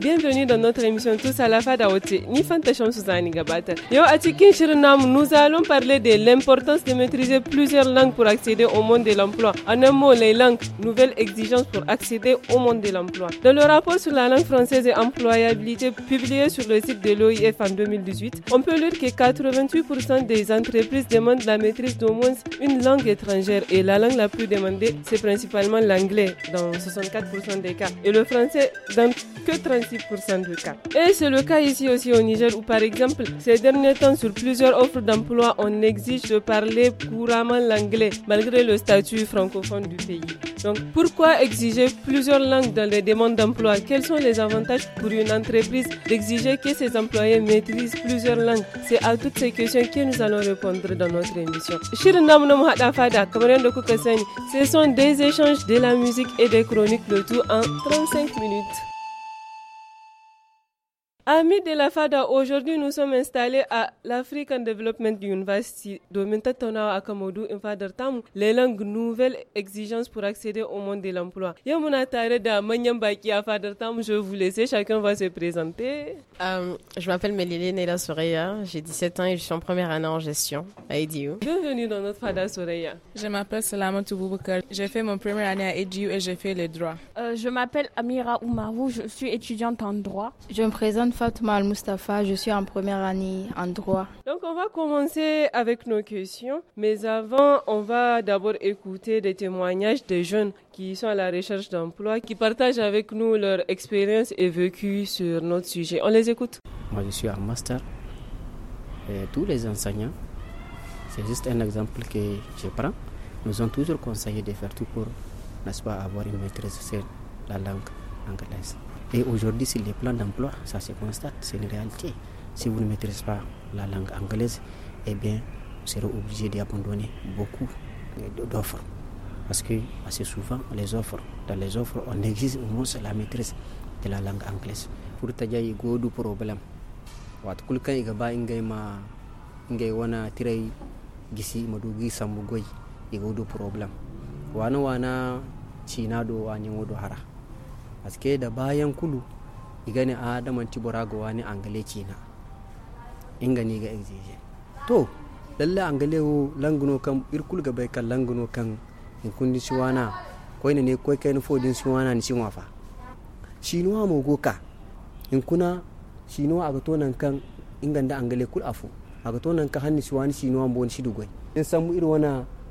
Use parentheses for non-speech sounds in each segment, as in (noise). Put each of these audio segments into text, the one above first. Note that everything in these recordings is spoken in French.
bienvenue dans notre émission tous à la fada nous allons parler de l'importance de maîtriser plusieurs langues pour accéder au monde de l'emploi. En un mot, les langues, nouvelles exigences pour accéder au monde de l'emploi. Dans le rapport sur la langue française et employabilité publié sur le site de l'OIF en 2018, on peut lire que 88% des entreprises demandent la maîtrise d'au moins une langue étrangère et la langue la plus demandée, c'est principalement l'anglais dans 64% des cas et le français dans que 36% du cas. Et c'est le cas ici aussi au Niger où par exemple ces derniers temps sur plusieurs offres d'emploi on exige de parler couramment l'anglais malgré le statut francophone du pays. Donc pourquoi exiger plusieurs langues dans les demandes d'emploi Quels sont les avantages pour une entreprise d'exiger que ses employés maîtrisent plusieurs langues C'est à toutes ces questions que nous allons répondre dans notre émission. Ce sont des échanges de la musique et des chroniques, le tout en 35 minutes. Amis de la FADA, aujourd'hui nous sommes installés à l'African Development University, à à en FADA TAM. les langues nouvelles exigences pour accéder au monde de l'emploi. je vous laisse, chacun va se présenter. Euh, je m'appelle Melile Nela Soreya, j'ai 17 ans et je suis en première année en gestion à EDU. Bienvenue dans notre FADA Soreya. Je m'appelle Salama j'ai fait mon première année à EDU et j'ai fait le droit. Euh, je m'appelle Amira Oumarou, je suis étudiante en droit. Je me présente Fatma al je suis en première année en droit. Donc on va commencer avec nos questions, mais avant on va d'abord écouter des témoignages des jeunes qui sont à la recherche d'emploi, qui partagent avec nous leur expérience et vécu sur notre sujet. On les écoute. Moi je suis en master. tous les enseignants, c'est juste un exemple que je prends, nous ont toujours conseillé de faire tout pour, nest avoir une maîtrise de la langue anglaise. Et aujourd'hui, sur les plans d'emploi, ça se constate, c'est une réalité. Si vous ne maîtrisez pas la langue anglaise, eh bien, vous serez obligé d'abandonner beaucoup d'offres. Parce que assez souvent, les offres, dans les offres, on exige au moins la maîtrise de la langue anglaise. Pour problème. ingay ma wana gisi goy problem. Wana wana china do hara. aske da bayan kulu igani a daman tibura ga wani angale kina ingani ga exige to lalle angale wo languno kan irkul ga bai kan languno kan in kundi siwana na ne koy kai fo din siwana ni sinwa fa shinuwa mo goka in kuna shinuwa aga to nan kan inganda angale kul afu aga to nan ka hanni siwani shinuwa mo wani dugwai. in san mu irin wana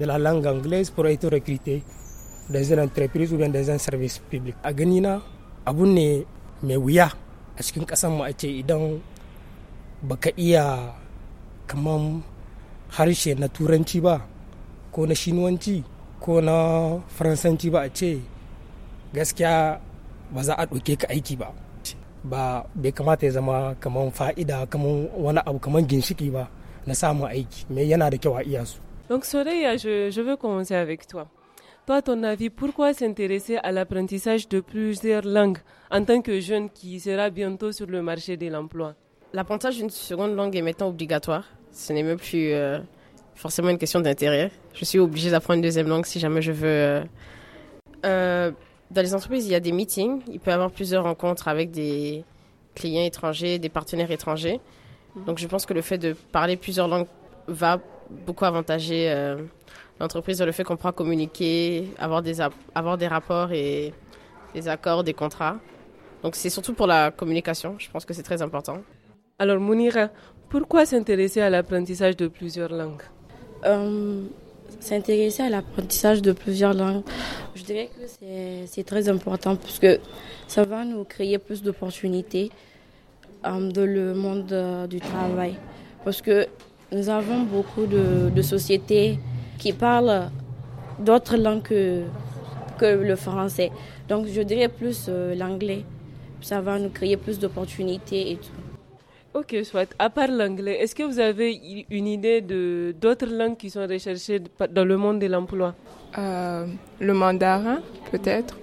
de la langue anglaise pour être recruté dans une entreprise ou bien dans un service public a gani na abu ne mai wuya a cikin kasan mu a ce idan baka iya kaman harshe na turanci ba ko na shinuwanci ko na faransanci ba a ce gaskiya ba za a ɗauke ka aiki ba ba bai kamata ya zama kaman fa'ida kaman wani abu kamar ginshiki ba na samun aiki me yana da kyau a iya su Donc Soraya, je, veux commencer avec toi. Toi, ton avis, pourquoi s'intéresser à l'apprentissage de plusieurs langues en tant que jeune qui sera bientôt sur le marché de l'emploi L'apprentissage d'une seconde langue est maintenant obligatoire. Ce n'est même plus euh, forcément une question d'intérêt. Je suis obligée d'apprendre une deuxième langue si jamais je veux. Euh, euh, dans les entreprises, il y a des meetings. Il peut y avoir plusieurs rencontres avec des clients étrangers, des partenaires étrangers. Mm. Donc je pense que le fait de parler plusieurs langues va beaucoup avantager euh, l'entreprise sur le fait qu'on pourra communiquer, avoir des, avoir des rapports et des accords, des contrats. Donc c'est surtout pour la communication, je pense que c'est très important. Alors Mounira, pourquoi s'intéresser à l'apprentissage de plusieurs langues euh, S'intéresser à l'apprentissage de plusieurs langues, je dirais que c'est très important parce que ça va nous créer plus d'opportunités euh, dans le monde du travail. Parce que nous avons beaucoup de, sociétés qui parlent d'autres langues que, le français. Donc je dirais plus euh, l'anglais. Ça va nous créer plus d'opportunités et tout. Ok, soit. À part l'anglais, est-ce que vous avez une idée de d'autres langues qui sont recherchées dans le monde de l'emploi euh, Le mandarin, peut-être.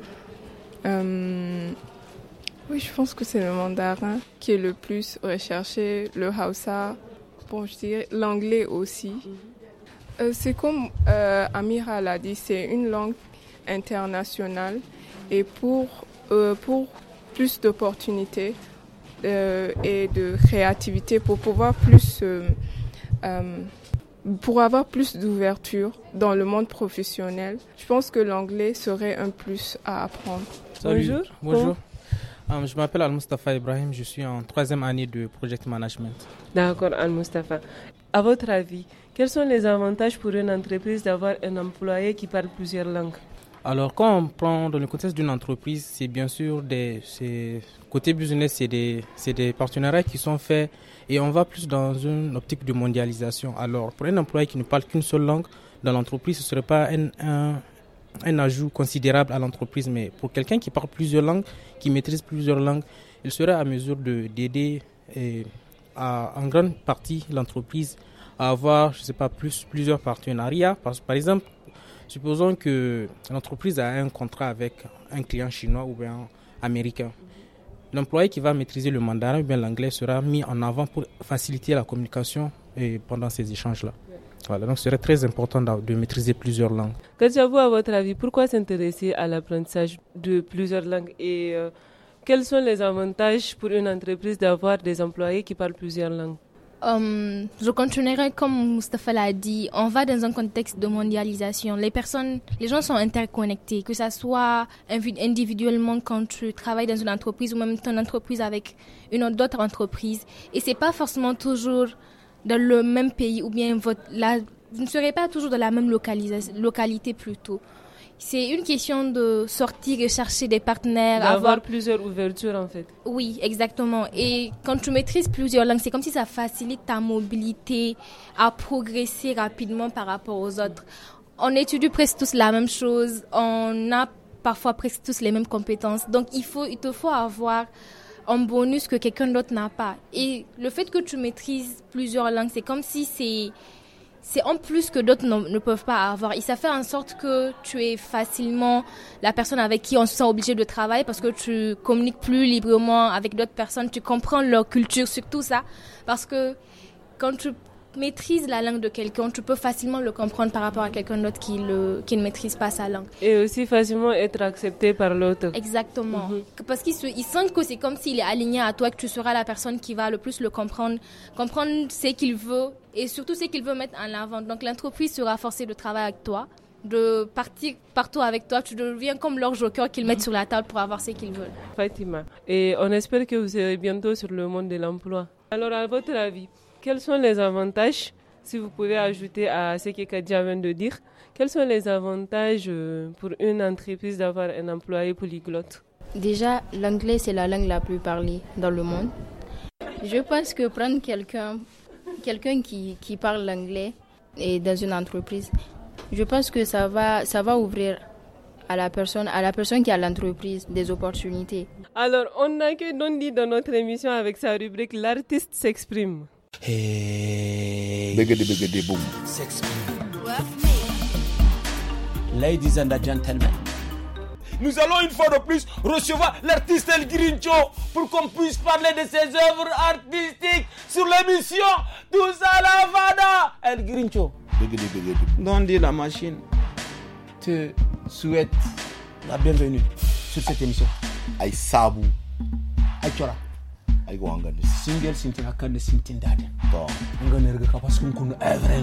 Euh, oui, je pense que c'est le mandarin qui est le plus recherché, le hausa, pour, je dirais l'anglais aussi. Mhm. Euh, c'est comme euh, Amira l'a dit, c'est une langue internationale et pour, euh, pour plus d'opportunités et de créativité, pour pouvoir plus... pour avoir plus d'ouverture dans le monde professionnel, je pense que l'anglais serait un plus à apprendre. Bonjour. Bonjour. Euh, je m'appelle Al-Mustafa Ibrahim, je suis en troisième année de Project Management. D'accord, Al-Mustafa. À votre avis, quels sont les avantages pour une entreprise d'avoir un employé qui parle plusieurs langues alors, quand on prend dans le contexte d'une entreprise, c'est bien sûr des. Côté business, c'est des, des, partenariats qui sont faits et on va plus dans une optique de mondialisation. Alors, pour un employé qui ne parle qu'une seule langue, dans l'entreprise, ce ne serait pas un, un ajout considérable à l'entreprise. Mais pour quelqu'un qui parle plusieurs langues, qui maîtrise plusieurs langues, il serait à mesure d'aider eh, en grande partie l'entreprise à avoir, je sais pas, plus, plusieurs partenariats. Parce, par exemple, supposons que l'entreprise a un contrat avec un client chinois ou bien américain. L'employé qui va maîtriser le mandarin ou bien l'anglais sera mis en avant pour faciliter la communication eh, pendant ces échanges-là donc ce serait très important de maîtriser plusieurs langues. Qu'est-ce à votre avis, pourquoi s'intéresser à l'apprentissage de plusieurs langues et euh, quels sont les avantages pour une entreprise d'avoir des employés qui parlent plusieurs langues euh, je continuerai comme Mustafa l'a dit, on va dans un contexte de mondialisation. Les personnes, les gens sont interconnectés, que ça soit individuellement quand tu travailles dans une entreprise ou même ton entreprise avec une autre entreprise. Et c'est pas forcément toujours dans le même pays ou bien vous ne serez pas toujours dans la même localisation, localité plutôt. C'est une question de sortir et chercher des partenaires. avoir plusieurs ouvertures en fait. Oui, exactement. Et quand tu maîtrises plusieurs langues, c'est comme si ça facilite ta mobilité à progresser rapidement par rapport aux autres. On étudie presque tous la même chose, on a parfois presque tous les mêmes compétences. Donc il, faut, il te faut avoir un bonus que quelqu'un d'autre n'a pas. Et le fait que tu maîtrises plusieurs langues, c'est comme si c'est c'est en plus que d'autres ne peuvent pas avoir. Et ça fait en sorte que tu es facilement la personne avec qui on se sent obligé de travailler parce que tu communiques plus librement avec d'autres personnes, tu comprends leur culture, surtout ça. Parce que quand tu maîtrise la langue de quelqu'un, tu peux facilement le comprendre par rapport à quelqu'un d'autre qui, le, qui ne maîtrise pas sa langue. Et aussi facilement être accepté par l'autre. Exactement. Mhm. Parce qu'ils sentent que c'est comme s'il est aligné à toi, que tu seras la personne qui va le plus le comprendre, comprendre ce qu'il veut et surtout ce qu'il veut mettre en avant. Donc l'entreprise sera forcée de travailler avec toi de partir partout avec toi. Tu deviens comme leur joker qu'ils mettent mhm. sur la table pour avoir ce qu'ils veulent. Fatima, et on espère que vous serez bientôt sur le monde de l'emploi. Alors, à votre avis, quels sont les avantages, si vous pouvez ajouter à ce que Kadia vient de dire, quels sont les avantages euh, pour une entreprise d'avoir un employé polyglotte Déjà, l'anglais, c'est la langue la plus parlée dans le monde. Je pense que prendre quelqu'un qui, parle l'anglais et dans une entreprise, je pense que ça va, ça va ouvrir à la personne, à la personne qui a l'entreprise des opportunités. Alors, on accueille Dondi dans notre émission avec sa rubrique L'artiste s'exprime. Hey. Ladies and gentlemen. Nous allons une fois de plus recevoir l'artiste El Grincho pour qu'on puisse parler de ses œuvres artistiques sur l'émission Tous à la El Grincho. Don la machine te souhaite la bienvenue sur cette émission. Aïsabou ay go angane single sintin hakkan sintin dada to ngane rga ka parce qu'on est vrai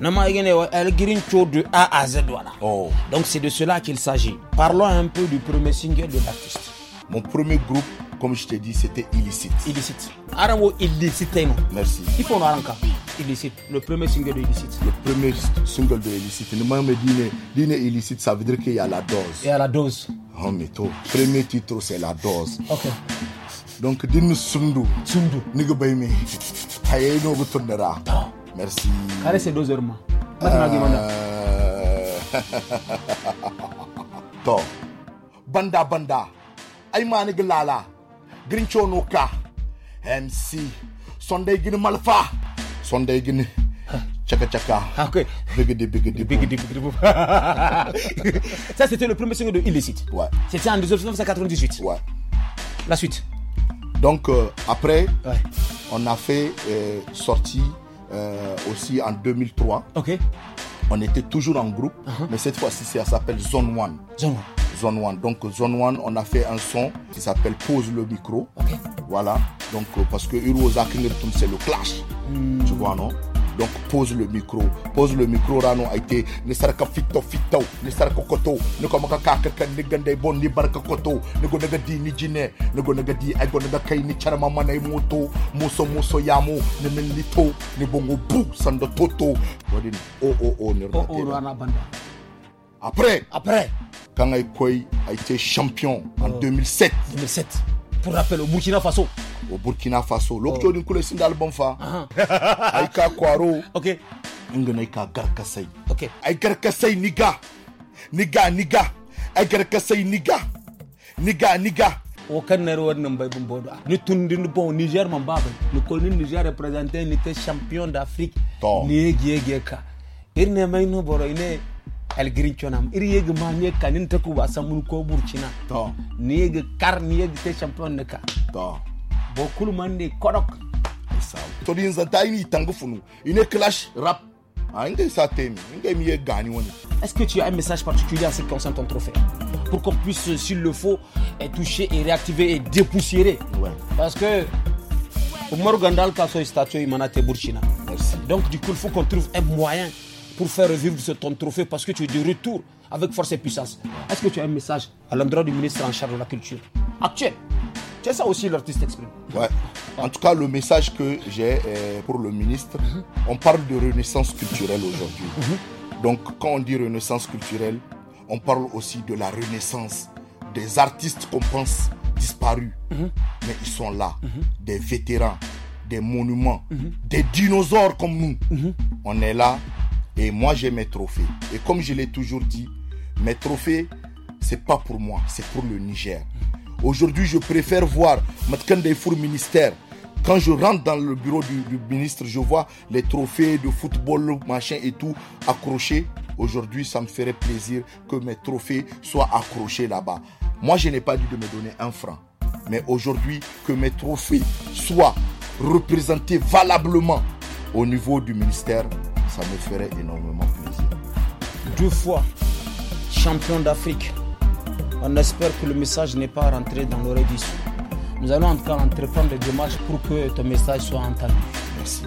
non nama igene el green show de A à Z oh donc c'est de cela qu'il s'agit parlons un peu du premier single de l'artiste mon premier groupe comme je t'ai dit c'était illicite illicite aramo illicite non merci il faut aranka illicite le premier single de illicite le premier single de illicite ne m'a me dit illicite ça veut dire qu'il y a la dose il y a la dose oh mais premier titre c'est la dose ok donc dinnu sundu sundu niga bay mi haye no merci kare c'est 2 heures ma (laughs) to banda banda ay mani glala grincho no ka mc sunday malfa sunday gin Tchaka Ah, Ok. Bigidi bigidi. Bigidi bigidi. (laughs) Ça, c'était le premier single de Illicit. Ouais. C'était en 1998. Ouais. La suite. Donc euh, après, on a fait euh, sortie euh, aussi en 2003. Ok. On était toujours en groupe, uh-huh. mais cette fois-ci, ça s'appelle Zone One. Zone One. Zone One. Donc Zone One, on a fait un son qui s'appelle Pose le micro. Voilà. Donc parce que Uru c'est le clash. Hmm. Tu vois non? donc pose le micro pose le micro rano été, ne saraka fito fito ne saraka koto ne ko maka kaka bon ni barka koto ne go naga ni jine ne go naga di ay go naga kay ni charma manai moto muso muso ne ni bongo bu sando toto Oh o o o oh o o après après quand ay a été champion en 2007 2007 pour rappel au Burkina Faso au Burkina Faso lokacin din kula sun da album fa ai ah. ka kwaro okay ingana aïka garkasai okay ai garkasai niga niga niga aïka garkasai niga niga niga o kan nare wannan bai bin bodo ni tundin bon Niger man ba bai ni ko Niger representer ni champion d'Afrique ni yegi yegi ka boro ine elgiri chonam iri yeg kanin taku wasa mun ko burchina to ni yeg kar ni yeg te champion ne ka to bokul mande kodok to din za tiny tangu funu ine clash rap Est-ce que tu as un message particulier à ce qui concerne ton trophée Pour qu'on puisse, s'il le faut, toucher et réactiver et dépoussiérer. Ouais. Parce que Omar Gandal, Kasso et Statue, Imana Burkina. Donc, du coup, il faut qu'on trouve un moyen pour faire revivre ce, ton trophée parce que tu es de retour avec force et puissance. Est-ce que tu as un message à l'endroit du ministre en charge de la culture actuel as ça aussi l'artiste exprime. Ouais. En tout cas, le message que j'ai euh, pour le ministre, mhm. on parle de renaissance culturelle aujourd'hui. Mhm. Donc, quand on dit renaissance culturelle, on parle aussi de la renaissance des artistes qu'on pense disparus, mhm. mais ils sont là, des vétérans, des monuments, des dinosaures comme nous. On est là et moi, j'ai mes trophées. Et comme je l'ai toujours dit, mes trophées, c'est pas pour moi, c'est pour le Niger. Aujourd'hui, je préfère voir des Four Ministère. Quand je rentre dans le bureau du, ministre, je vois les trophées de football, machin et tout accrochés. Aujourd'hui, ça me ferait plaisir que mes trophées soient accrochés là-bas. Moi, je n'ai pas dû de me donner un franc. Mais aujourd'hui, que mes trophées soient représentés valablement au niveau du ministère, ça me ferait énormément plaisir. Deux fois champion d'Afrique. On espère que le message n'est pas rentré dans l'oreille du Nous allons encore entreprendre des démarches pour que ton message soit entendu. Merci.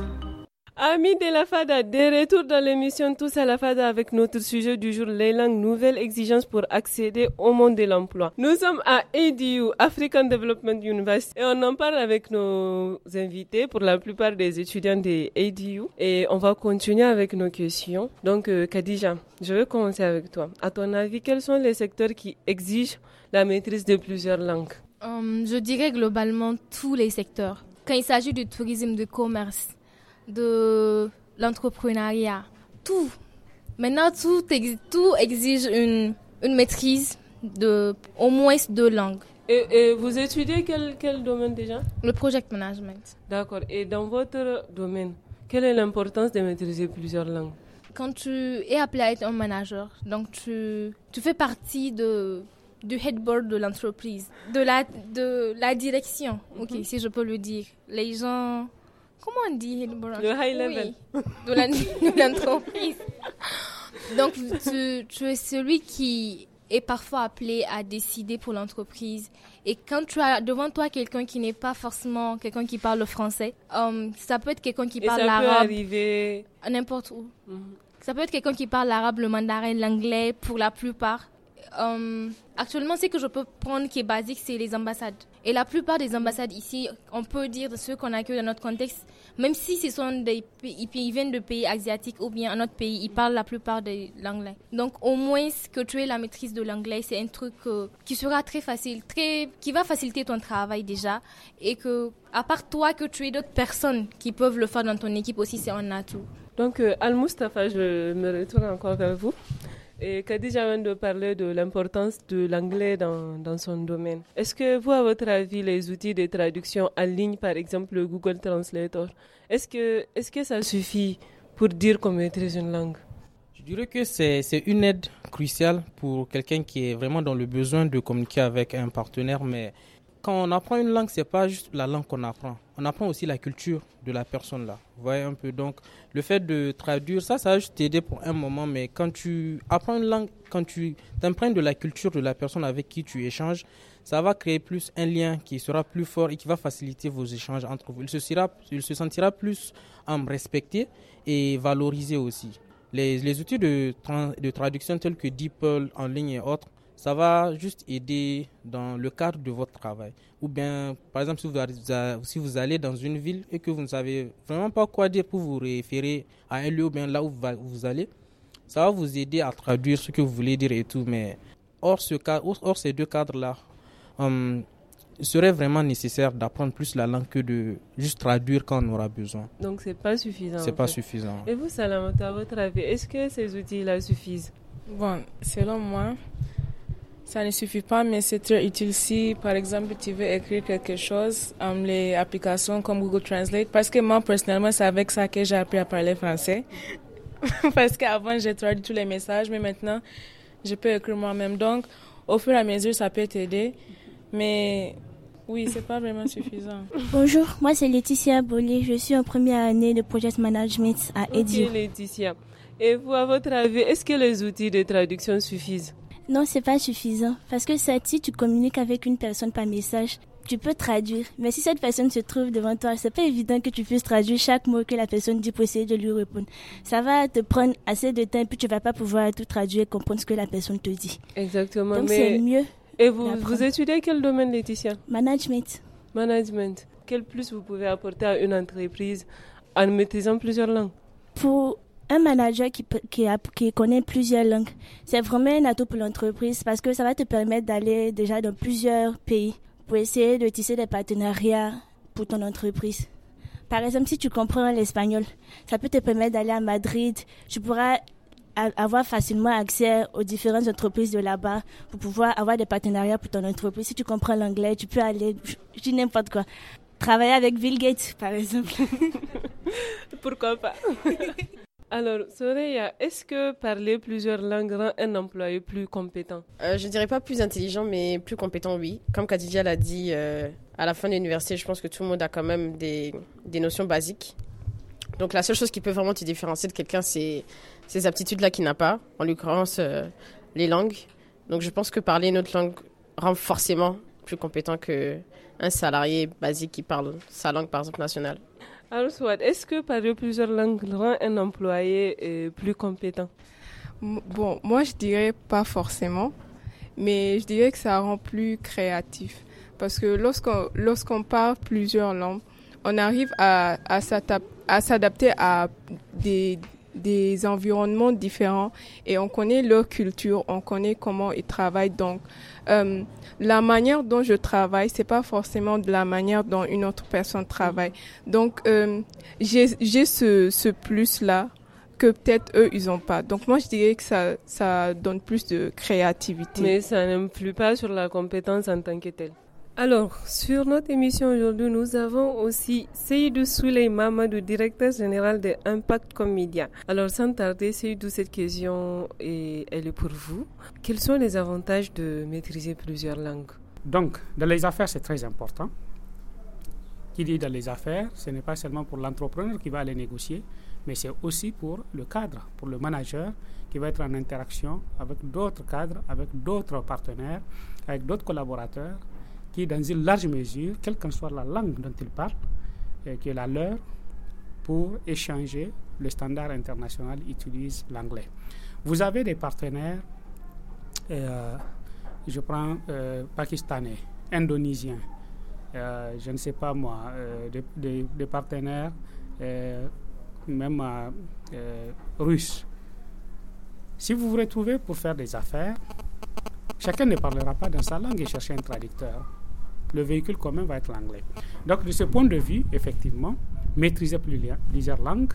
Amis de la FADA, de retour dans l'émission Tous à la FADA avec notre sujet du jour, les langues, nouvelles exigences pour accéder au monde de l'emploi. Nous sommes à ADU, African Development University, et on en parle avec nos invités, pour la plupart des étudiants de ADU, et on va continuer avec nos questions. Donc, euh, Khadija, je vais commencer avec toi. À ton avis, quels sont les secteurs qui exigent la maîtrise de plusieurs langues euh, Je dirais globalement tous les secteurs. Quand il s'agit du tourisme, du commerce, de l'entrepreneuriat. Tout. Maintenant, tout, exige, tout exige une, maîtrise de au moins deux langues. Et, vous étudiez quel, domaine déjà Le project management. D'accord. Et dans votre domaine, quelle est l'importance de maîtriser plusieurs langues Quand tu es appelé à être un manager, donc tu, tu fais partie de, du headboard de l'entreprise, de la, de la direction, ok, mhm. si je peux le dire. Les gens Comment on dit le, high level (laughs) de l'entreprise. Donc, tu, es celui qui est parfois appelé à décider pour l'entreprise. Et quand tu as devant toi quelqu'un qui n'est pas forcément quelqu'un qui parle le français, hum, mhm. ça peut être quelqu'un qui parle l'arabe. Ça peut arriver n'importe où. Ça peut être quelqu'un qui parle l'arabe, le mandarin, l'anglais pour la plupart. Euh, actuellement, ce que je peux prendre qui est basique, c'est les ambassades. Et la plupart des ambassades ici, on peut dire ceux qu'on accueille dans notre contexte, même si ce sont des pays, ils viennent de pays asiatiques ou bien un autre pays, ils parlent la plupart de l'anglais. Donc, au moins que tu aies la maîtrise de l'anglais, c'est un truc euh, qui sera très facile, très, qui va faciliter ton travail déjà, et que à part toi, que tu aies d'autres personnes qui peuvent le faire dans ton équipe aussi, c'est un atout. Donc, euh, Al Mustafa, je me retourne encore vers vous. Et Khadija vient de parler de l'importance de l'anglais dans, dans, son domaine. Est-ce que vous, à votre avis, les outils de traduction en ligne, par exemple le Google Translator, est-ce que, est que ça suffit pour dire qu'on maîtrise une langue Je dirais que c'est une aide cruciale pour quelqu'un qui est vraiment dans le besoin de communiquer avec un partenaire, mais quand on apprend une langue, c'est pas juste la langue qu'on apprend. On apprend aussi la culture de la personne là. voyez un peu. Donc, le fait de traduire, ça, ça va juste t'aider pour un moment. Mais quand tu apprends une langue, quand tu t'imprègnes de la culture de la personne avec qui tu échanges, ça va créer plus un lien qui sera plus fort et qui va faciliter vos échanges entre vous. Il se, sentira plus respecté et valorisé aussi. Les, outils de, de traduction tels que DeepL en ligne et autres ça va juste aider dans le cadre de votre travail. Ou bien, par exemple, si vous, si vous allez dans une ville et que vous ne savez vraiment pas quoi dire pour vous référer à un lieu ou bien là où vous, allez, ça va vous aider à traduire ce que vous voulez dire et tout. Mais hors, ce cadre, hors ces deux cadres-là, hum, il serait vraiment nécessaire d'apprendre plus la langue que de juste traduire quand on aura besoin. Donc, ce n'est pas suffisant. Ce n'est pas suffisant. Et vous, Salamata, à votre avis, est-ce que ces outils-là suffisent Bon, selon moi, ça ne suffit pas, mais c'est très utile si, par exemple, tu veux écrire quelque chose, um, les applications comme Google Translate, parce que moi, personnellement, c'est avec ça que j'ai appris à parler français. (laughs) parce qu'avant, j'ai traduit tous les messages, mais maintenant, je peux écrire moi-même. Donc, au fur et à mesure, ça peut t'aider, mais oui, c'est pas vraiment suffisant. (laughs) Bonjour, moi c'est Laetitia Bolli, je suis en première année de Project Management à EDU. Okay, Laetitia. Et vous, à votre avis, est-ce que les outils de traduction suffisent non, c'est pas suffisant. Parce que si tu communiques avec une personne par message, tu peux traduire. Mais si cette personne se trouve devant toi, c'est pas évident que tu puisses traduire chaque mot que la personne dit pour essayer de lui répondre. Ça va te prendre assez de temps, puis tu vas pas pouvoir tout traduire et comprendre ce que la personne te dit. Exactement. Donc c'est mieux. Et vous, vous étudiez quel domaine, Laetitia Management. Management. Quel plus vous pouvez apporter à une entreprise en maîtrisant plusieurs langues Pour un manager qui, qui, connaît plusieurs langues, c'est vraiment un atout pour l'entreprise parce que ça va te permettre d'aller déjà dans plusieurs pays pour essayer de tisser des partenariats pour ton entreprise. Par exemple, si tu comprends l'espagnol, ça peut te permettre d'aller à Madrid. Tu pourras avoir facilement accès aux différentes entreprises de là-bas pour pouvoir avoir des partenariats pour ton entreprise. Si tu comprends l'anglais, tu peux aller, je dis n'importe quoi. Travailler avec Bill Gates, par exemple. (laughs) Pourquoi pas (laughs) Alors, Soraya, est-ce que parler plusieurs langues rend un employé plus compétent euh, Je ne dirais pas plus intelligent, mais plus compétent, oui. Comme Kadidia l'a dit, euh, à la fin de l'université, je pense que tout le monde a quand même des, des, notions basiques. Donc, la seule chose qui peut vraiment te différencier de quelqu'un, c'est ces aptitudes-là qu'il n'a pas, en l'occurrence euh, les langues. Donc, je pense que parler une autre langue rend forcément plus compétent qu'un salarié basique qui parle sa langue, par exemple, nationale. Alors, est-ce que parler plusieurs langues rend un employé euh, plus compétent Bon, moi je dirais pas forcément, mais je dirais que ça rend plus créatif. Parce que lorsqu'on lorsqu'on parle plusieurs langues, on arrive à, à s'adapter à des, des environnements différents et on connaît leur culture, on connaît comment ils travaillent. Donc, euh, la manière dont je travaille, c'est pas forcément de la manière dont une autre personne travaille. Donc, euh, j'ai ce, ce plus-là que peut-être eux, ils n'ont pas. Donc moi, je dirais que ça, ça donne plus de créativité. Mais ça n'influe pas sur la compétence en tant que telle. Alors, sur notre émission aujourd'hui, nous avons aussi Seydou Souley Mamadou, directeur général de Impact Comédia. Alors, sans tarder, Seydou, cette question est, elle est pour vous. Quels sont les avantages de maîtriser plusieurs langues Donc, dans les affaires, c'est très important. Qui dit dans les affaires, ce n'est pas seulement pour l'entrepreneur qui va aller négocier, mais c'est aussi pour le cadre, pour le manager qui va être en interaction avec d'autres cadres, avec d'autres partenaires, avec d'autres collaborateurs qui, dans une large mesure, quelle que soit la langue dont ils parlent, et euh, qui est la leur, pour échanger, le standard international utilise l'anglais. Vous avez des partenaires, euh, je prends euh, pakistanais, indonésiens, je ne sais pas moi, des, partenaires, même russes. Si vous vous retrouvez pour faire des affaires, chacun ne parlera pas dans sa langue et chercher un traducteur le véhicule commun va être l'anglais. Donc, de ce point de vue, effectivement, maîtriser plusieurs langues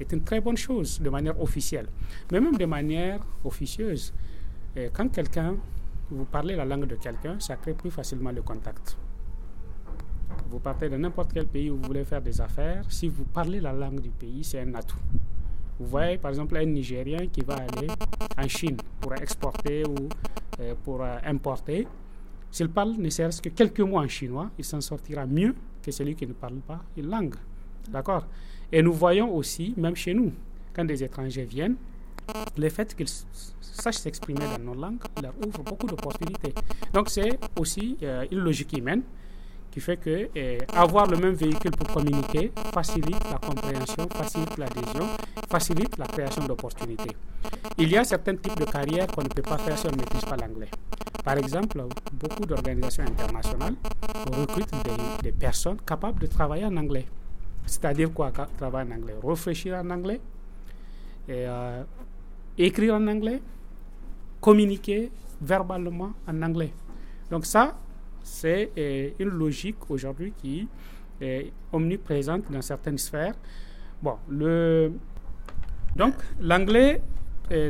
est une très bonne chose de manière officielle, mais même de manière officieuse. Euh, quand quelqu'un, vous parlez la langue de quelqu'un, ça crée plus facilement le contact. Vous partez de n'importe quel pays où vous voulez faire des affaires, si vous parlez la langue du pays, c'est un atout. Vous voyez par exemple un Nigérien qui va aller en Chine pour exporter ou euh, pour euh, importer, s'il parle ne sert ce que quelques mots en chinois, il s'en sortira mieux que celui qui ne parle pas une langue. D'accord Et nous voyons aussi, même chez nous, quand des étrangers viennent, le fait qu'ils sachent s'exprimer dans nos langues leur ouvre beaucoup d'opportunités. Donc c'est aussi euh, une logique humaine qui fait que euh, avoir le même véhicule pour communiquer facilite la compréhension, facilite l'adhésion, facilite la création d'opportunités. Il y a certains types de carrières qu'on ne peut pas faire si on ne maîtrise pas l'anglais. Par exemple, beaucoup d'organisations internationales recrutent des, personnes capables de travailler en anglais. C'est-à-dire quoi Travailler en anglais, réfléchir en anglais, euh, écrire en anglais, communiquer verbalement en anglais. Donc ça, c'est euh, une logique aujourd'hui qui est omniprésente dans certaines sphères. Bon, le... Donc l'anglais,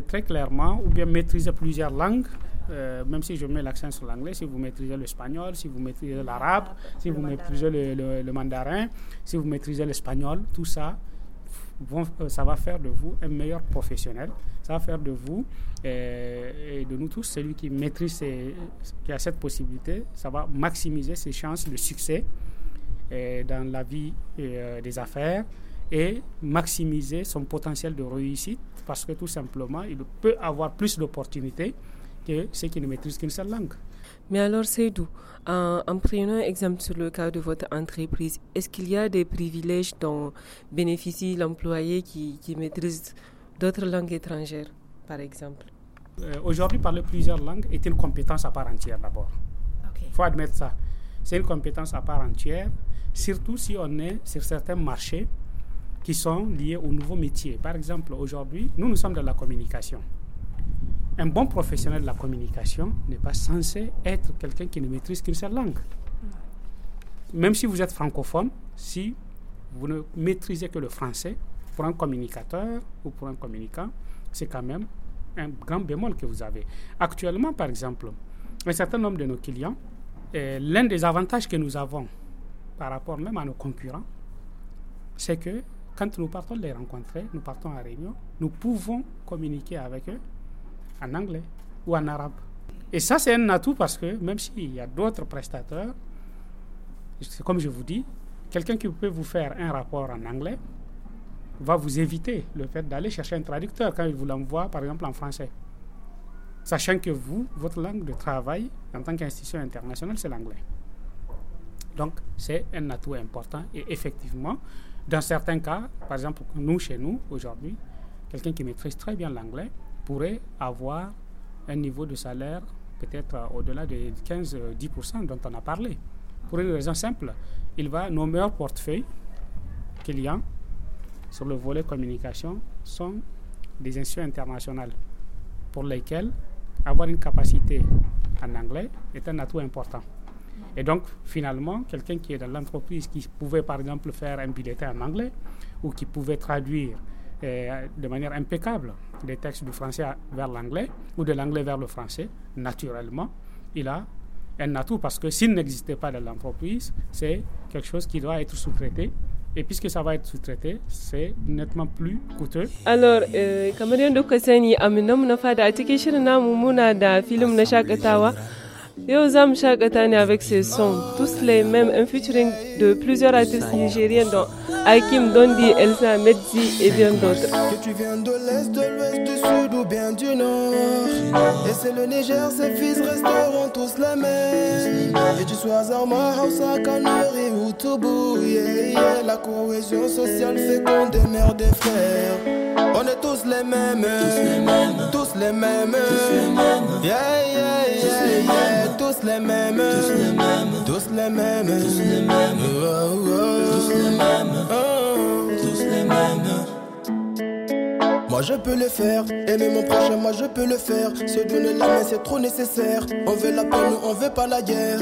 très clairement, ou bien maîtriser plusieurs langues, euh, même si je mets l'accent sur l'anglais, si vous maîtrisez l'espagnol, si vous maîtrisez l'arabe, si vous maîtrisez le, mandarin, si vous maîtrisez l'espagnol, tout ça, euh, ça va faire de vous un meilleur professionnel. Ça va faire de vous euh, et de nous tous celui qui maîtrise, qui a cette possibilité. Ça va maximiser ses chances de succès dans la vie des affaires et maximiser son potentiel de réussite parce que tout simplement, il peut avoir plus d'opportunités que ceux qui ne maîtrisent qu'une seule langue. Mais alors, c'est en, en prenant exemple sur le cas de votre entreprise, est-ce qu'il y a des privilèges dont bénéficie l'employé qui, maîtrise d'autres langues étrangères, par exemple euh, Aujourd'hui, parler plusieurs langues est une compétence à part entière d'abord. Il faut admettre ça. C'est une compétence à part entière, surtout si on est sur certains marchés qui sont liés aux nouveaux métiers. Par exemple, aujourd'hui, nous, nous sommes dans la communication. Un bon professionnel de la communication n'est pas censé être quelqu'un qui ne maîtrise qu'une seule langue. Même si vous êtes francophone, si vous ne maîtrisez que le français, pour un communicateur ou pour un communicant, c'est quand même un grand bémol que vous avez. Actuellement, par exemple, un certain nombre de nos clients, l'un des avantages que nous avons par rapport même à nos concurrents, c'est que quand nous partons les rencontrer, nous partons à réunion, nous pouvons communiquer avec eux en anglais ou en arabe. Et ça, c'est un atout parce que même s'il y a d'autres prestataires, comme je vous dis, quelqu'un qui peut vous faire un rapport en anglais va vous éviter le fait d'aller chercher un traducteur quand il vous l'envoie, par exemple, en français. Sachant que vous, votre langue de travail en tant qu'institution internationale, c'est l'anglais. Donc, c'est un atout important. Et effectivement, dans certains cas, par exemple, nous, chez nous, aujourd'hui, quelqu'un qui maîtrise très bien l'anglais pourrait avoir un niveau de salaire peut-être euh, au-delà des 15-10% euh, dont on a parlé. Pour une raison simple, il va, nos meilleurs portefeuilles clients sur le volet communication sont des institutions internationales pour lesquelles avoir une capacité en anglais est un atout important. Et donc, finalement, quelqu'un qui est dans l'entreprise, qui pouvait par exemple faire un billet en anglais ou qui pouvait traduire euh, de manière impeccable des textes du français vers l'anglais ou de l'anglais vers le français, naturellement, il a un atout parce que s'il n'existait pas dans l'entreprise, c'est quelque chose qui doit être sous-traité. Et puisque ça va être sous-traité, c'est nettement plus coûteux. Alors, euh, de et aux chaque chaque avec ses sons, tous les mêmes, un featuring de plusieurs artistes nigériens dont Hakim, Dondi, Elsa, Medzi et bien d'autres. Que tu viens de l'Est, de l'Ouest, du Sud ou bien du Nord. Et c'est le Niger, ses fils resteront tous les mêmes. Et tu sois à Hausa, Kanuri ou Toubou. Yeah, La cohésion sociale c'est qu'on démerde des frères. On est tous les mêmes, tous les mêmes, tous yeah, yeah. yeah. Tous les mêmes, tous les mêmes, oh, oh. tous les mêmes, oh. tous les mêmes, tous les mêmes, tous les mêmes. je peux le faire. Aimer mon prochain, moi je peux le faire. Se donner la main, c'est trop nécessaire. On veut la paix, nous on veut pas la guerre.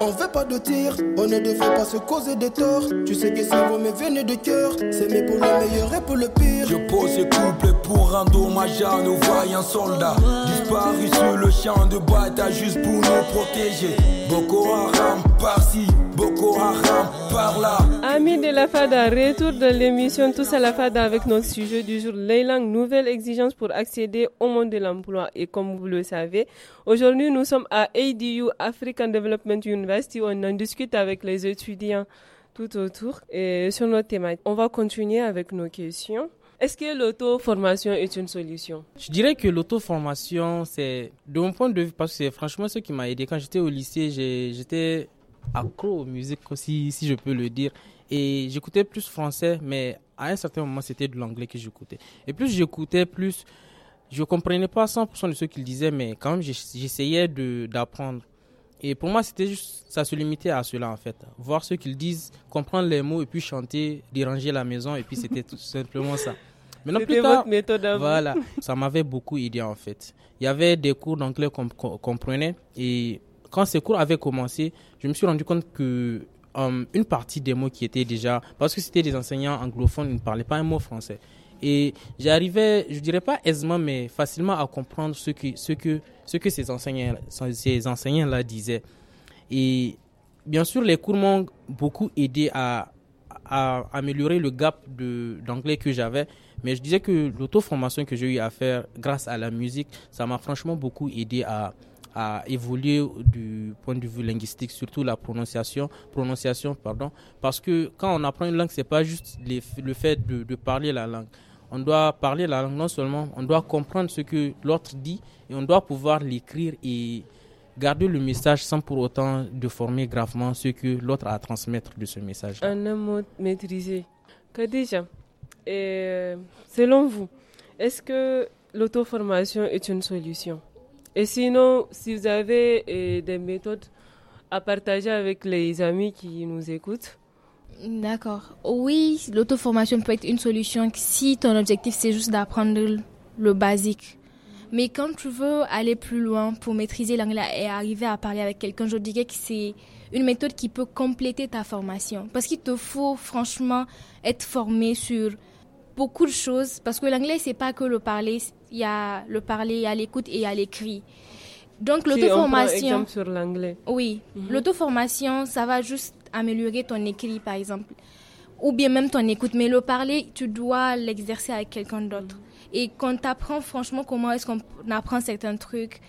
On veut pas de tir, on ne devrait pas se causer des torts. Tu sais que ça vous mes venez de cœur, c'est mes pour le meilleur et pour le pire. Je pose ce couple pour rendre hommage à nos voyants soldats. disparu sur le champ de bataille juste pour nous protéger. Boko Haram par-ci, Boko Haram par-là. Amis de la FADA, retour de l'émission Tous à la FADA avec notre sujet du jour, les nouvelles exigences pour accéder au monde de l'emploi. Et comme vous le savez, aujourd'hui nous sommes à ADU, African Development University, où on en discute avec les étudiants tout autour et sur notre thématique. On va continuer avec nos questions. Est-ce que l'auto-formation est une solution Je dirais que l'auto-formation, c'est de mon point de vue, parce que c'est franchement ce qui m'a aidé. Quand j'étais au lycée, j'étais accro aux musiques, aussi, si je peux le dire. Et j'écoutais plus français, mais à un certain moment, c'était de l'anglais que j'écoutais. Et plus j'écoutais, plus je comprenais pas 100% de ce qu'ils disaient, mais quand même, j'essayais d'apprendre. Et pour moi, c'était juste, ça se limitait à cela en fait. Voir ce qu'ils disent, comprendre les mots et puis chanter, déranger la maison et puis c'était tout simplement ça. Maintenant plus tard, méthode voilà, ça m'avait beaucoup aidé en fait. Il y avait des cours d'anglais qu'on comprenait et quand ces cours avaient commencé, je me suis rendu compte que euh, une partie des mots qui étaient déjà, parce que c'était des enseignants anglophones, ils ne parlaient pas un mot français. Et j'arrivais, je dirais pas aisément, mais facilement à comprendre ce que, ce que, ce que ces enseignants-là ces enseignants disaient. Et bien sûr, les cours m'ont beaucoup aidé à, à, améliorer le gap d'anglais que j'avais. Mais je disais que l'auto-formation que j'ai eu à faire grâce à la musique, ça m'a franchement beaucoup aidé à, à évoluer du point de vue linguistique, surtout la prononciation, prononciation pardon, parce que quand on apprend une langue, c'est pas juste le fait de, parler la langue on doit parler la langue non seulement, on doit comprendre ce que l'autre dit et on doit pouvoir l'écrire et garder le message sans pour autant déformer gravement ce que l'autre a à transmettre de ce message. un mot maîtrisé. Khadija, euh, selon vous, est-ce que l'auto-formation est une solution et sinon, si vous avez euh, des méthodes à partager avec les amis qui nous écoutent. D'accord. Oui, l'auto-formation peut être une solution si ton objectif c'est juste d'apprendre le basique. Mais quand tu veux aller plus loin pour maîtriser l'anglais et arriver à parler avec quelqu'un, je dirais que c'est une méthode qui peut compléter ta formation. Parce qu'il te faut franchement être formé sur beaucoup de choses. Parce que l'anglais, c'est pas que le parler, il y a le parler, il y a l'écoute et il y a l'écrit. Donc l'auto-formation. Si sur l'anglais. Oui, mhm. l'auto-formation, ça va juste améliorer ton écrit, par exemple, ou bien même ton écoute. Mais le parler, tu dois l'exercer avec quelqu'un d'autre. Mhm. Et quand tu apprends, franchement, comment est-ce qu'on apprend certains trucs,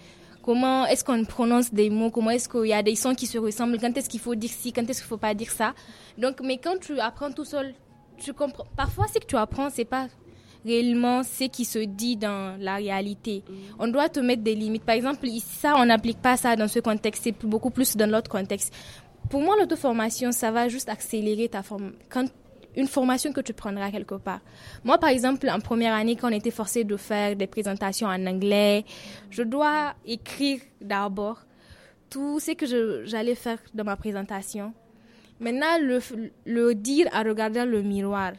comment est-ce qu'on prononce des mots, comment est-ce qu'il y a des sons qui se ressemblent, quand est-ce qu'il faut dire ci, quand est-ce qu'il ne faut pas dire ça. Donc, mais quand tu apprends tout seul, tu comprends. Parfois, ce que tu apprends, c'est pas réellement ce qui se dit dans la réalité. Mm. On doit te mettre des limites. Par exemple, ça, on n'applique pas ça dans ce contexte, c'est beaucoup plus dans l'autre contexte. Pour moi, l'auto-formation, ça va juste accélérer ta forme. Quand une formation que tu prendras quelque part. Moi, par exemple, en première année, quand on était forcé de faire des présentations en anglais, je dois écrire d'abord tout ce que j'allais faire dans ma présentation. Maintenant, le, le dire à regarder le miroir,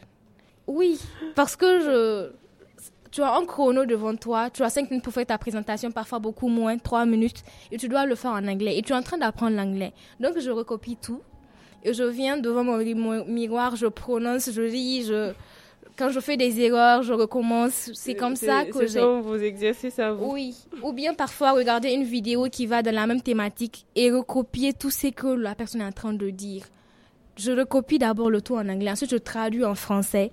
oui, parce que tu as un chrono devant toi, tu as cinq minutes pour faire ta présentation, parfois beaucoup moins, trois minutes, et tu dois le faire en anglais. Et tu es en train d'apprendre l'anglais. Donc je recopie tout, et je viens devant mon, miroir, je prononce, je lis, Quand je fais des erreurs, je recommence. C'est comme ça que j'ai. C'est vos exercices à vous. Oui. Ou bien parfois regarder une vidéo qui va dans la même thématique et recopier tout ce que la personne est en train de dire. Je recopie d'abord le tout en anglais, ensuite je traduis en français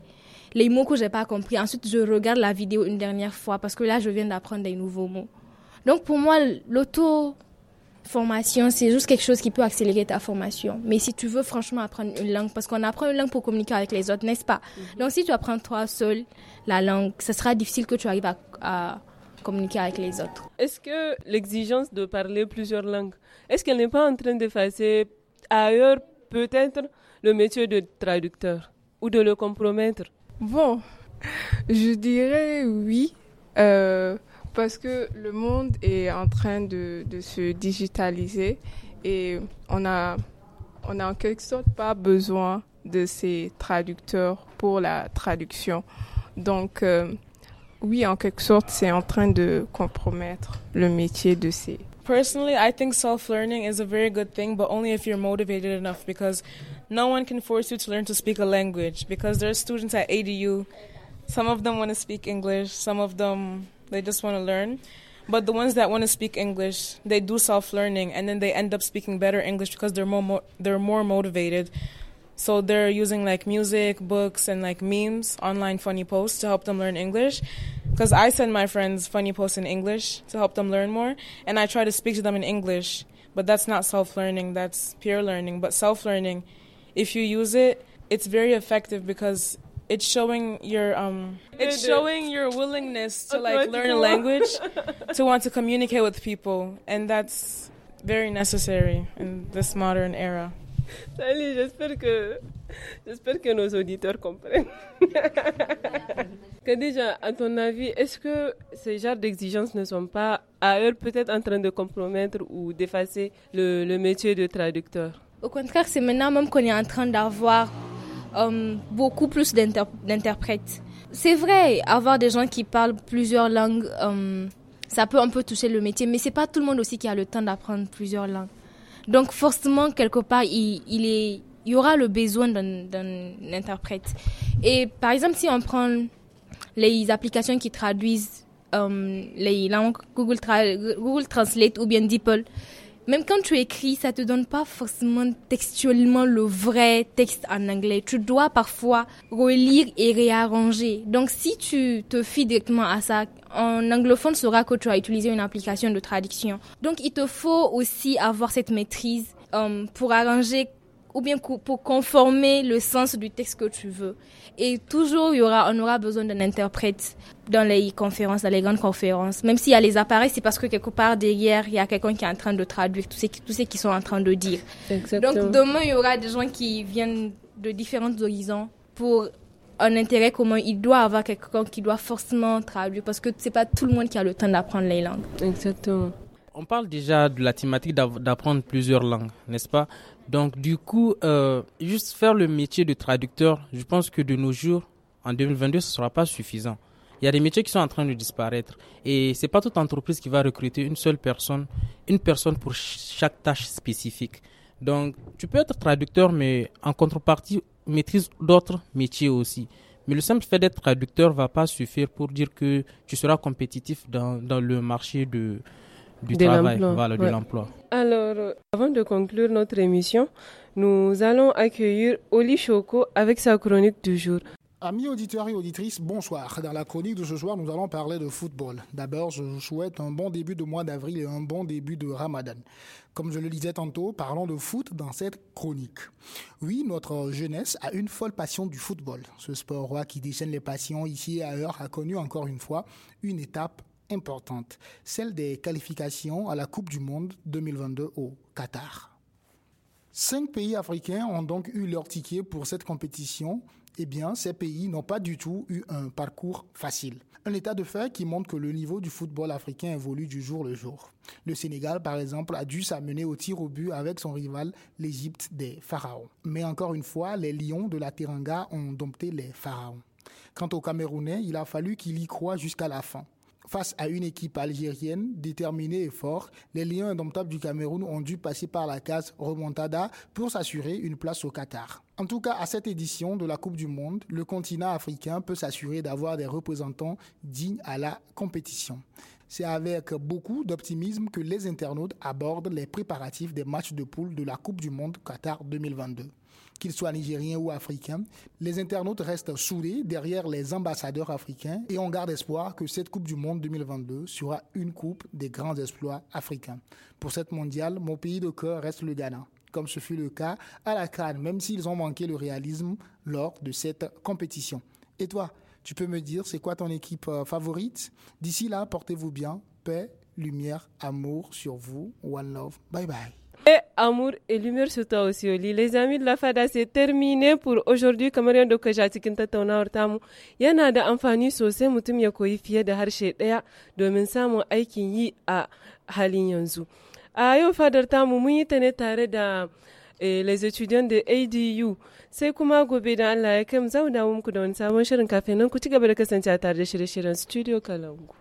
les mots que j'ai pas compris. Ensuite, je regarde la vidéo une dernière fois parce que là, je viens d'apprendre des nouveaux mots. Donc, pour moi, l'auto formation, c'est juste quelque chose qui peut accélérer ta formation. Mais si tu veux franchement apprendre une langue, parce qu'on apprend une langue pour communiquer avec les autres, n'est-ce pas mhm. Donc si tu apprends toi seul la langue, ce sera difficile que tu arrives à communiquer avec les autres. Est-ce que l'exigence de parler plusieurs langues, est-ce qu'elle n'est pas en train d'effacer ailleurs peut-être le métier de traducteur ou de le compromettre Bon, je dirais oui, euh, parce que le monde est en train de, se digitaliser et on a, on a en quelque sorte pas besoin de ces traducteurs pour la traduction. Donc, euh, oui, en quelque sorte, c'est en train de compromettre le métier de ces Personally, I think self learning is a very good thing, but only if you're motivated enough because no one can force you to learn to speak a language. Because there are students at ADU, some of them want to speak English, some of them they just want to learn. But the ones that want to speak English, they do self learning and then they end up speaking better English because they're more, they're more motivated. So they're using like music, books, and like memes, online funny posts to help them learn English. Because I send my friends funny posts in English to help them learn more, and I try to speak to them in English. But that's not self learning, that's peer learning. But self learning, if you use it, it's very effective because it's showing your um it's showing your willingness to like learn a language (laughs) to want to communicate with people and that's very necessary in this modern era Salut, j'espère que, j'espère que nos auditeurs comprennent. (laughs) que déjà, à ton avis, est-ce que ces genres d'exigences ne sont pas à eux peut-être en train de compromettre ou d'effacer le, métier de traducteur Au contraire, c'est maintenant même qu'on est en train d'avoir euh, beaucoup plus d'interprètes. C'est vrai, avoir des gens qui parlent plusieurs langues, euh, ça peut un peu toucher le métier, mais c'est pas tout le monde aussi qui a le temps d'apprendre plusieurs langues. Donc forcément, quelque part, il, y aura le besoin d'un interprète. Et par exemple, si on prend les applications qui traduisent euh, les langues, Google, Google Translate ou bien DeepL, même quand tu écris, ça te donne pas forcément textuellement le vrai texte en anglais. Tu dois parfois relire et réarranger. Donc si tu te fies directement à ça, un anglophone saura que tu as utilisé une application de traduction. Donc il te faut aussi avoir cette maîtrise euh, pour arranger ou bien pour conformer le sens du texte que tu veux. Et toujours, il y aura, on aura besoin d'un interprète dans les conférences, dans les grandes conférences. Même s'il y a les appareils, c'est parce que quelque part derrière, il y a quelqu'un qui est en train de traduire tout ce, tout ce qu'ils sont en train de dire. Donc demain, il y aura des gens qui viennent de différents horizons pour un intérêt commun, il doit avoir quelqu'un qui doit forcément traduire parce que n'est pas tout le monde qui a le temps d'apprendre les langues. Exactement on parle déjà de la thématique d'apprendre plusieurs langues, n'est-ce pas Donc du coup, euh, juste faire le métier de traducteur, je pense que de nos jours, en 2022, ce ne sera pas suffisant. Il y a des métiers qui sont en train de disparaître. Et ce n'est pas toute entreprise qui va recruter une seule personne, une personne pour chaque tâche spécifique. Donc, tu peux être traducteur, mais en contrepartie, maîtrise d'autres métiers aussi. Mais le simple fait d'être traducteur ne va pas suffire pour dire que tu seras compétitif dans le marché de, du travail, voilà, de l'emploi. Alors, euh, avant de conclure notre émission, nous allons accueillir Oli Choco avec sa chronique du jour. Amis auditeurs et auditrices, bonsoir. Dans la chronique de ce soir, nous allons parler de football. D'abord, je vous souhaite un bon début de mois d'avril et un bon début de Ramadan. Comme je le disais tantôt, parlons de foot dans cette chronique. Oui, notre jeunesse a une folle passion du football. Ce sport roi qui déchaîne les passions ici et ailleurs a connu encore une fois une étape importante, celle des qualifications à la Coupe du Monde 2022 au Qatar. Cinq pays africains ont donc eu leur ticket pour cette compétition. Eh bien, ces pays n'ont pas du tout eu un parcours facile. Un état de fait qui montre que le niveau du football africain évolue du jour au jour. Le Sénégal, par exemple, a dû s'amener au tir au but avec son rival, l'Égypte des Pharaons. Mais encore une fois, les lions de la Teranga ont dompté les Pharaons. Quant au Camerounais, il a fallu qu'il y croit jusqu'à la fin face à une équipe algérienne déterminée et forte, les liens indomptables du Cameroun ont dû passer par la case remontada pour s'assurer une place au Qatar. En tout cas, à cette édition de la Coupe du Monde, le continent africain peut s'assurer d'avoir des représentants dignes à la compétition. C'est avec beaucoup d'optimisme que les internautes abordent les préparatifs des matchs de poule de la Coupe du Monde Qatar 2022 qu'ils soient nigériens ou africains. Les internautes restent soudés derrière les ambassadeurs africains et on garde espoir que cette Coupe du Monde 2022 sera une coupe des grands exploits africains. Pour cette mondiale, mon pays de cœur reste le Ghana comme ce fut le cas à la Cannes, même s'ils ont manqué le réalisme lors de cette compétition. Et toi, tu peux me dire c'est quoi ton équipe euh, favorite D'ici là, portez-vous bien, paix, lumière, amour sur vous, one love, bye bye. Et amour et l'humeur sur toi aussi, Oli. Les amis de la FADA, c'est terminé pour aujourd'hui. Kamar yadda kuka ji a cikin tamu, yana ah, da amfani sosai mutum ya koyi fiye da harshe ɗaya domin samun aikin yi a halin yanzu. A yau fadar tamu mun yi ta ne tare da les étudiants de ADU. Sai kuma gobe da Allah ya kai mu za mu dawo da wani sabon shirin kafin nan ku ci gaba da kasancewa tare da shirye-shiryen Studio Kalangu.